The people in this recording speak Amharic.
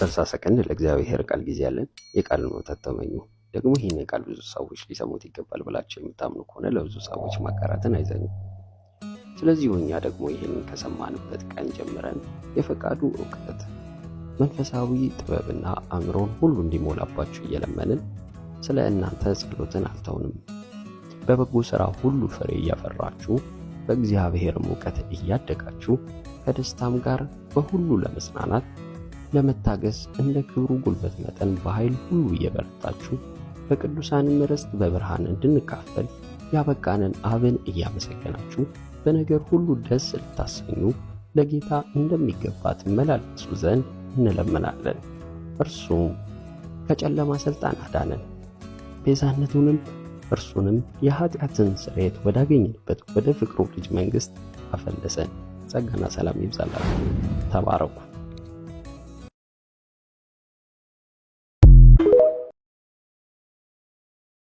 ስልሳ ሰከንድ ለእግዚአብሔር ቃል ጊዜ ያለን የቃል ነው ተመኙ። ደግሞ ይህን የቃል ብዙ ሰዎች ሊሰሙት ይገባል ብላቸው የምታምኑ ከሆነ ለብዙ ሰዎች ማጋራትን አይዘኙ። ስለዚህ እኛ ደግሞ ይህንን ከሰማንበት ቀን ጀምረን የፈቃዱ እውቀት መንፈሳዊ ጥበብና አእምሮን ሁሉ እንዲሞላባችሁ እየለመንን ስለ እናንተ ጸሎትን አልተውንም። በበጎ ሥራ ሁሉ ፍሬ እያፈራችሁ በእግዚአብሔርም እውቀት እያደጋችሁ ከደስታም ጋር በሁሉ ለመጽናናት ለመታገስ እንደ ክብሩ ጉልበት መጠን በኃይል ሁሉ እየበረታችሁ በቅዱሳንም ርስት በብርሃን እንድንካፈል ያበቃንን አብን እያመሰገናችሁ በነገር ሁሉ ደስ ልታሰኙ ለጌታ እንደሚገባ ትመላለሱ ዘንድ እንለምናለን። እርሱም ከጨለማ ሥልጣን አዳነን፣ ቤዛነቱንም እርሱንም የኀጢአትን ስርየት ወዳገኘንበት ወደ ፍቅሩ ልጅ መንግሥት አፈለሰን። ጸጋና ሰላም ይብዛላችሁ። ተባረኩ። you